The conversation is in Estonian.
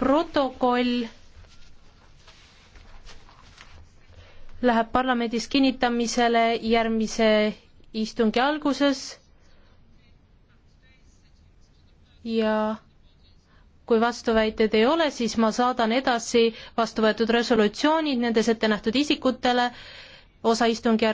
protokoll läheb parlamendis kinnitamisele järgmise istungi alguses ja kui vastuväiteid ei ole, siis ma saadan edasi vastu võetud resolutsioonid nendes ette nähtud isikutele osa istungjärgu